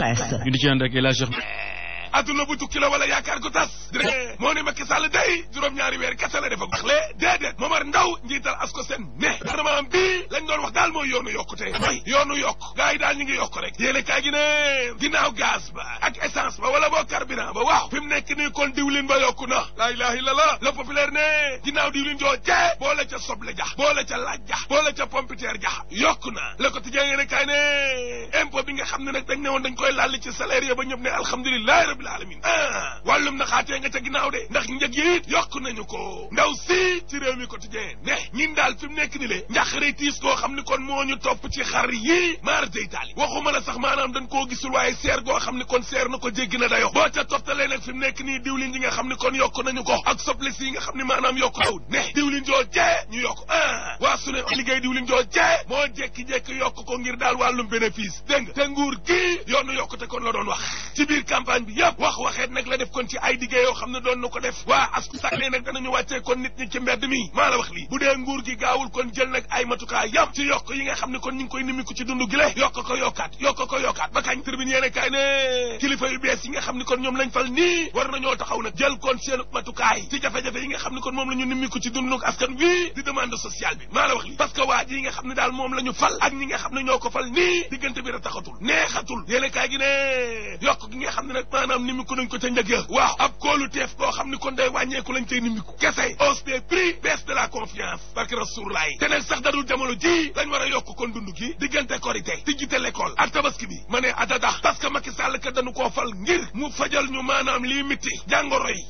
presse. ñu di ci ànd ak El Hadj eh, adduna bu tukki la wala yaakaar gu tas dire eh. moo ne Macky Sall day juróom-ñaari weer kese la dafa baxle déedéet Momar Ndaw njiital asko seen ne gouvernement bii lañ doon wax daal mooy yoonu yokkute mooy yoonu yokk gars daal ñu ngi yokk rek yéene gi ne ginnaaw gaz ba ak essence ba wala boo carburant ba waaw fi nekk nii kon diwlin ba yokku na la le populaire ne ginnaaw diwlin joo jee boole ca soble jax boole ca laaj jax boole ca pompiteer jax bi nga xam ne nag dañ ne woon dañ koy lall ci salaire ya ba ñëpp ne alhamdulilahi rabbil alamin ah wàllum na xaatee nga ca ginnaaw de ndax njëg yi yokk nañu ko ndaw si ci réew mi quotidien ne ñin daal fi mu nekk ni le njaqare tiis koo xam ni kon moo ñu topp ci xar yi maar day taali waxuma la sax maanaam dañ ko gisul waaye seer goo xam ni kon seer na ko jéggi na dayo boo ca toftalee nag fi mu nekk nii diwlin yi nga xam ni kon yokk nañu ko ak soble si yi nga xam ni maanaam yokk tawut ne diwlin joo jee ñu yokk ah su ne liggéey diwlin joo jee moo jekki-jekki yokk ko ngir daal wàllum bénéfice dégg te nguur gi yoonu yokkute kon la doon wax ci biir campagne bi yëpp wax waxeet nag la def kon ci ay diggée yoo xam ne doon na ko def waa asku sàllee nag danañu wàccee kon nit dee nguur gi gaawul ay matukaay yëpp ci yokk yi nga xam ne kon ñu ngi koy nimiku ci dund gi le yokk ko yokkaat yokk ko yokkaat ba kon ñoom lañ fal nii war nañoo taxaw nag jël kon seen matukaay ci jafe-jafe yi nga xam ne di demande sociale bi maa la wax lii parce que waa ji yi nga xam ne daal moom la ñu fal ak ñi nga xam ne ñoo ko fal nii diggante bi ra taxatu neexatul neexatul gi ne yokk gi nga xam ne nag maanaam ni mi ko nañ ko ca njëg ya waaw ab kóolu teef koo xam ni kon day wàññeeku lañ tey ni kese hausse des prix de la confiance barke rasulaay te nag sax dadul jamono ji lañ war yokk kon dund gi diggante korite tijjite l'école ak tabaski bi ma ne adadax Macky Sall ka dañu koo fal ngir mu fajal ñu maanaam lii mitti jàngoro yi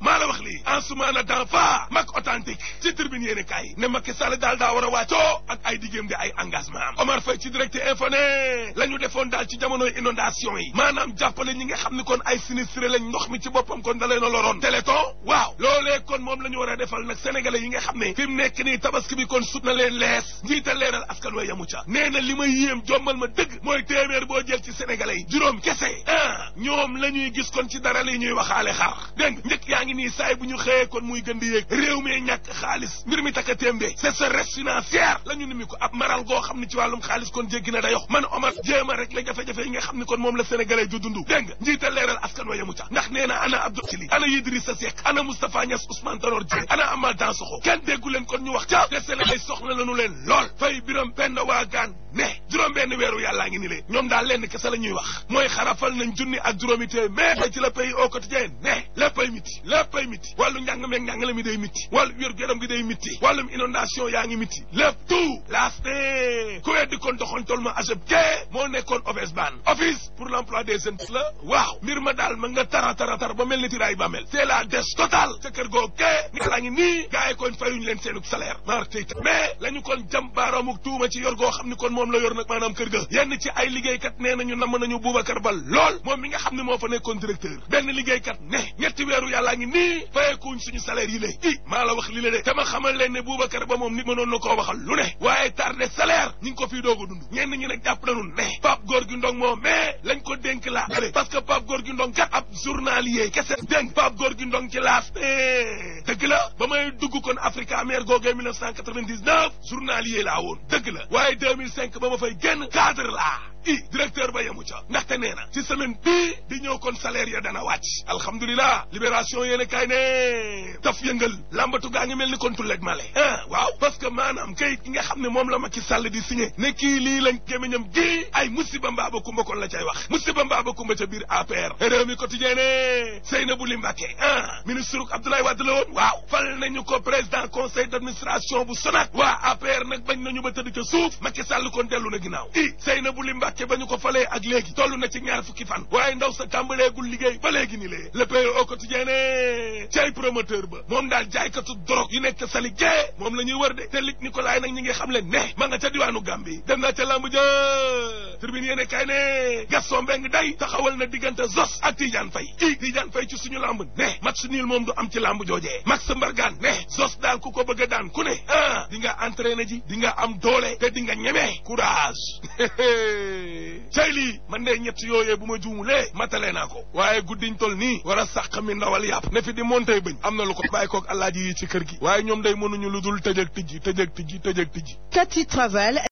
maa la wax lii Ansoumana Dampha fa mag authentique ci tribune yéen kaay ne Macky Sall daal daa war a wàccoo ak ay diggéem di ay engagement am Omar Faye ci direct info ne defoon daal ci jamonoy inondation yi maanaam jàppale ñi nga xam ne kon ay sinistré lañ ndox mi ci boppam kon da leen a loroon téléthon waaw loolee kon moom la ñu war a defal nag sénégalais yi nga xam ne ne fi mu nekk nii tabaski bi kon sut na leen lees njiita leeral askan wa yamu ca nee na li ma yéem jommal ma dëgg mooy téeméer boo jël ci sénégalais yi juróom kese ah ñoom la ñuy gis kon ci dara li ñuy waxaale xaar dégg nga njëkk yaa ngi nii saay bu ñu xëyee kon muy gën di yéeg réew mi ñàkk xaalis mbir mi takka témbee c'est sa reste financière la ñu ni mi ko ab maral goo xam ne ci wàllum xaalis kon jéggi na dayox man Omar jéem a rek la jafe-jafe yi nga xam ne kon moom la sénégalais dund dégg nga njiita leeral askan wa yamu ca na ana Abdou Cili ana Idrissa Seck ana Moustapha Niass déggu leen kon ñu wax ca te seen ay soxla lañu leen lool fay biram penda waa ne juróom benn weeru yàllaa ngi ni lee ñoom daal lenn kese la ñuy wax mooy xarafal nañ junni ak juróomi téeméer mais ci le pays au quotidien ne léppay miti léppay miti wàllu njàng meeg njàngale mi day miti wàllu wér-gu-yaram gi day miti wàllum inondation yaa ngi miti lépp tout laaste ku weddi kon a ma ajab ke moo nekkoon office baan office pour l'emploi des jeunes la waaw mbir ma daal ma nga tara tara tar ba mel ni tiraay ba mel c'est la dèche leen seenug salaire naar tey mais la ñu kon jam baaraamuk tuuma ci yor goo xam ni kon moom la yor nag maanaam kër ga yenn ci ay liggéeykat nee nañu namm nañu Boubacar Bal lool moom mi nga xam ne moo fa nekkoon directeur benn liggéeykat ne ñetti weeru yàllaa ngi nii fayekuñ suñu salaire yi lay i maa la wax li la de dama xamal leen ne Boubacar Ba moom nit mënoon na koo waxal lu ne waaye tardé salaire ñi ko fiy doog a dund ñi nag jàpp Kaameer googee 1999 journalier laa woon dëgg la waaye 2005 ba ma fay génn cadre laa i directeur ba yemu ca ndaxte nee na ci semaine bii di ñëw kon salaire dana wàcc alhamdulilah libération yéene kaay ne daf yëngal lambatu gaa ngi mel ni kon tulleeg male ah waaw parce que maanaam kayit gi nga xam ne moom la Macky Sall di signé ne kii lii lañ gémmiñam gi ay musiba mbaaba kumba kon la cay wax musiba mbaaba kumba ca biir APR réew mi quotidien ne Seynabou Ly Mbacké ah ministre Abdoulaye Wade la woon waaw fal nañu ko président conseil d'administration bu Sonac waa APR nag bañ nañu ba tëdd ca suuf Macky Sall kon dellu na ginnaaw i Seynabou Ly Mbacké Mbàkke bañu ko falee ak léegi toll na ci ñaar fukki fan waaye ndaw sa tàmbaleegul liggéey ba léegi ni lee le pays e au quotidien ne jaay promoteur ba moom daal jaaykatu drogue yu nekk sa gée moom lañuy ñuy wër de te lig Nicolas nag ñi ngi xam leen ne ma nga ca diwaanu Gambie dem na ca lamb ja tribune yéene kay ne Gaston Mbengue day taxawal na diggante Zos ak Tidiane Faye i Tidiane Faye ci suñu lamb ne match nul moom du am ci lamb joojee Max Mbargane ne Zos daal ku ko bëgg a daan ku ne ah di nga entraîné ji di nga am doole te di nga ñeme courage cay lii man de ñett yooyee bu ma juumulee matale naa ko waaye guddiñ tol nii war a sàq mi ndawal yàpp ne fi di montey bëñ am na lu ko bàyyi koog alaaji yi ci kër gi waaye ñoom day mënuñu lu dul tëjëg tijji tëjëg tijji tëjëg